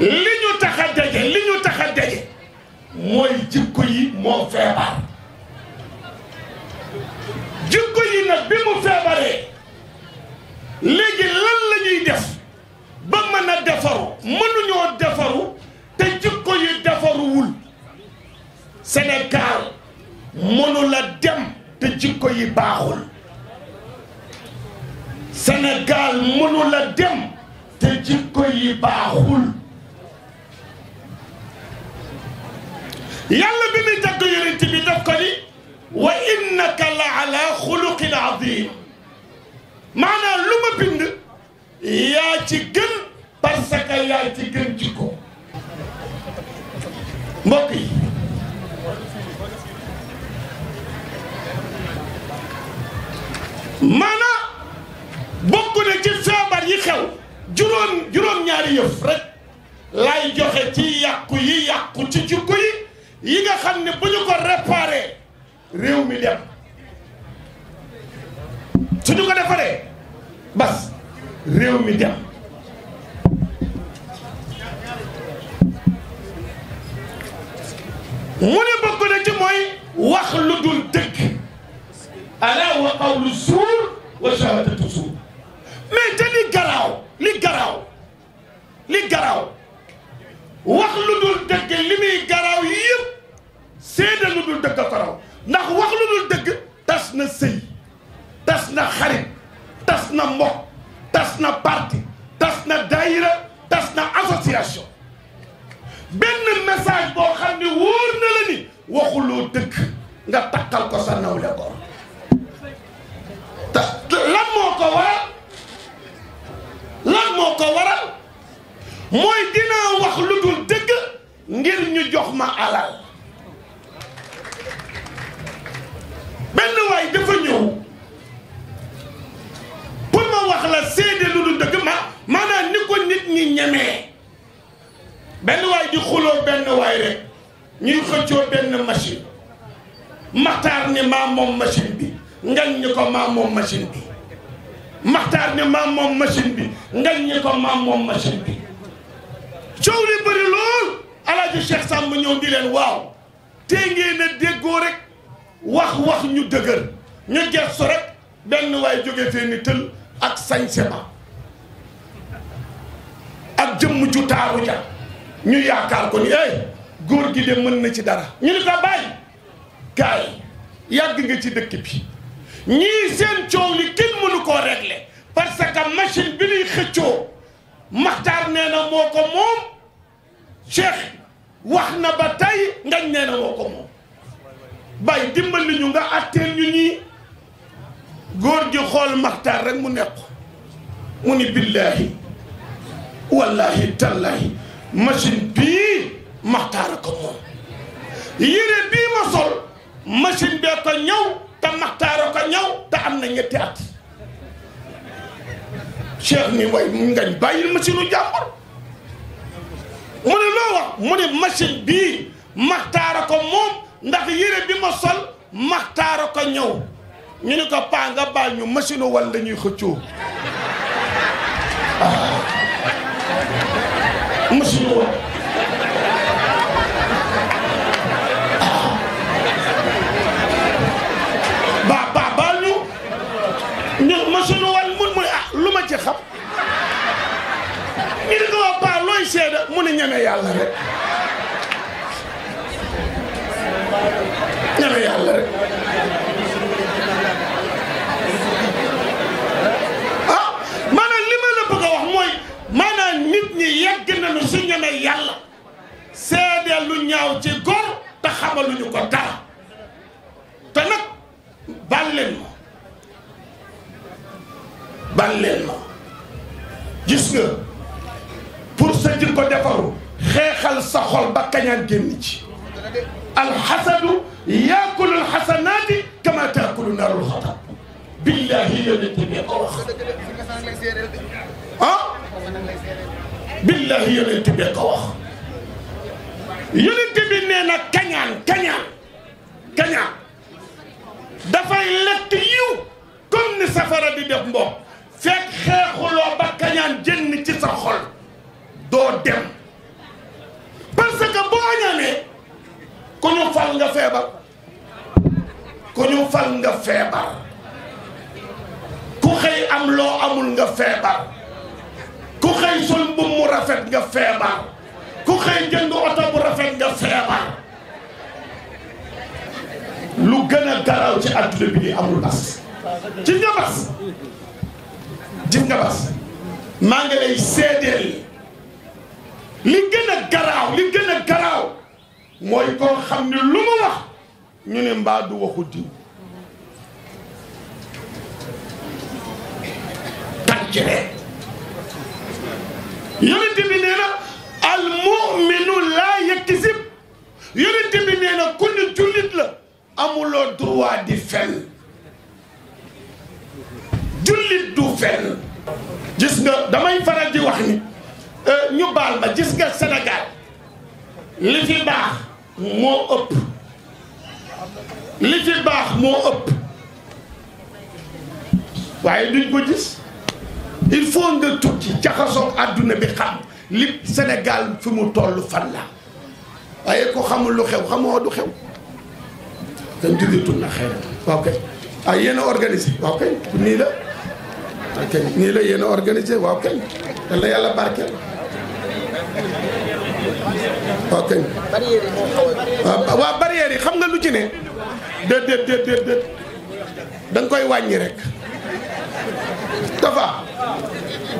li ñu tax a daje li ñu tax a mooy jikko yi moo feebar jikko yi nag bi mu feebaree léegi lan la ñuy def ba mën a defaru mënuñoo defaru te jikko yi defaruwul Sénégal mënu la dem te jikko yi baaxul Sénégal mënu la dem te jikko yi baaxul يلا بمي تقو يرنتي بدفقلي وإنك لعلى خلق العظيم معنى لما بند يا تجن برسك يا تجن تكو مبي معنى بقنا جفا بريخو جرون جرون ياري يفرق yi nga xam ne bu ñu ko réparé réew mi dem suñu ko defaree bas réew mi dem mu ne bokk na ci mooy wax lu dul dëgg ala wa qawlu suur wa shahadatu suur mais te li garaaw li garaaw li garaaw wax lu dul dëgg li muy garaaw yëpp seede lu dul dëgg ko raw ndax wax lu dul dëgg tas na sëy tas na xarit tas na mbokk tas na parti tas na daayira tas na association benn message boo xam ne wóor na la ni waxuloo dëgg nga takkal ko sa nawle ko lan moo ko waral mooy dinaa wax lu dul dëgg ngir ñu jox ma alal benn waay dafa ñëw pour ma wax la seede lu dul dëgg ma maanaam ni ko nit ñi ñemee benn waay di xuloo benn waay rek ñuy xëccoo benn machine maxtaar ni maa moom machine bi ngañ ñi ko maa moom machine bi maxtaar ni maa moom machine bi ngañ ñi ko maa moom machine bi coow li bëri lool alaaji Cheikh Samb ñëw di leen waaw tey ngeen a déggoo rek wax wax ñu dëgër ñu gëstu rek benn waay jóge fee ni ak sañse ba ak jëmm ju taaru ja ñu yaakaar ko ni ay eh, góor gi de mën na ci dara ñu ni ko bàyyi gaay yàgg nga ci dëkk bi ñii seen coow li kenn mënu koo régler parce que machine bi ñuy xëccoo مختار نينا موكو موم شيخ واخنا با تاي نغن نينا موكو موم باي ديمبال لي نيغا اتيل ني ني غور جي خول مختار رك مو نيكو موني بالله والله تالله ماشين بي مختار كو موم يري بي ما سول ماشين بي كو نيو تا مختار كو نيو تا امنا نيتي ات cheikh ni way ngañ bàyyil machine u jàmbur mu ne loo wax mu ne machine bii maxtaara ko moom ndax yére bi ma sol maxtaara ko ñëw ñu ne ko paa nga ñu machine wal ñuy xëccoo ah. machine wal seeda mu ne ñeme yàlla rek ñeme yàlla rek ah li ma la bëgg a wax mooy maanaam nit ñi yegg nañu su ñeme yàlla seede lu ñaaw ci góor te xamaluñu ko dara te nag baal ma baal ma gis nga ko defaru xeexal sa xol ba kañaan génn ci alxasadu yaakulu alxasanaati kama taakulu naarul xatab billahi yonente bi ko wax ah billahi yonente bi ko wax yonente bi nee na kañaan kañaan kañaan dafay lett yiw comme ni safara di def mbopp fekk xeexuloo doo dem parce que boo ñaanee ku ñu fal nga feebar ku xëy am loo amul nga feebar ku xëy sol mbubb mu rafet nga feebar ku xëy jënd oto bu rafet nga feebar lu gën a garaw ci àdduna bi amul bas ci bas ci bas maa ngi lay seedeel li gën a garaaw li gën a garaaw mooy koo xam ne lu mu wax ñu ne mbaa du waxu diw tàncree yonent bi nee na al muminu laa yaktisib yonent bi nee na ku jullit la amuloo droit di fen jullit du fen gis nga damay faral di wax ni Euh, ñu baal ma gis nga Sénégal li fi baax moo ëpp li fi baax moo ëpp waaye duñ ko gis il faut nga tukki jaxasoog àdduna bi xam li Sénégal fi mu toll fan la waaye ko xamul lu xew xamoo du xew dañ diggatul na xëy na waaw kay ay ah, yéen a organisé waaw nii la kañ nii la yéen a waaw kañ dana yàlla barkeel waaw kañ yi xam nga lu ci ne koy wàññi rek dafa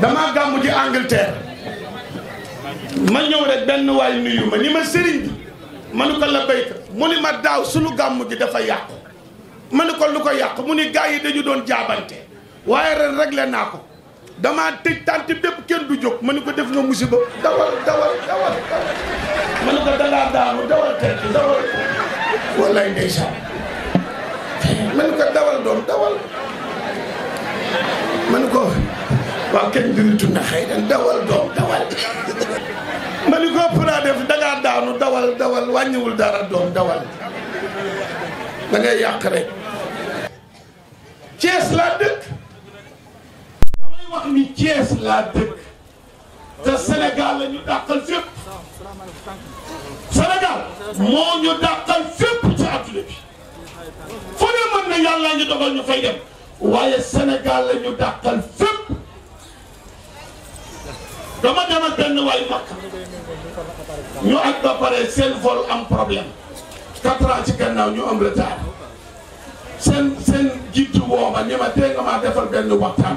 damaa gàmmu ji Angleterre ma ñëw rek benn waay nuyu ma ni ma sëriñ bi manu ko la béykat mu ni ma daaw sunu gàmmu ji dafa yàqu manu ko lu ko yàqu mu ni gars yi dañu doon jaabante waaye ren réglé naa ko damaa tëj tànti bépp kenn du jóg ma ni ko def nga musiba dawal dawal dawal dawal ma ni ko dawal ni ko dawal doom dawal ma ni ko waaw kenn diritu na xëy na dawal doom ma ni ko ëpp naa def dangaa daanu dawal dawal wàññiwul dara doom dawal da ngay yàq rek Cees laa dëkk wax ni Thiès laa dëkk te Sénégal la ñu dàqal fépp Sénégal moo ñu dàqal fépp ci àdduna bi fu ne mën na yàlla ñu dogal ñu fay dem waaye Sénégal la ñu dàqal fépp dama dem ak benn waay mag ñu ak ba pare seen vol am problème quatre ci gannaaw ñu am retard seen seen jiitu wooma ñi ma tee nga maa defal benn waxtaan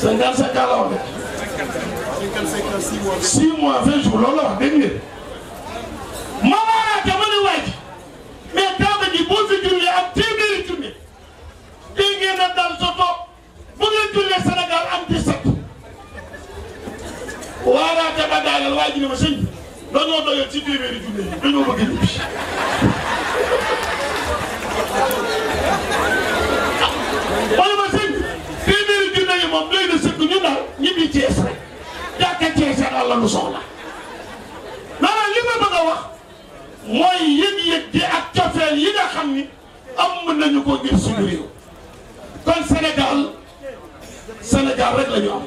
cinquante cinq ans la wax de. six mois vingt jours loolu la wax dégg ngeen. moo waral dama ne waaj mais daaba ji boo fi julli ak téeméeri junni dégg ngeen ne daal sa toog bu ngeen jullee Sénégal am ci set. waaraa te ba daaleel waa ji ne ma sëñ bi dañoo doyoon ci téeméeri junni yi dañoo bëgg ñibbi. la nu soxla maanaam li ma bëgg a wax mooy yëg-yëg gi ak cofeel yi nga xam ni am nañu ko ngir suñu réew kon Sénégal Sénégal rek la ñu am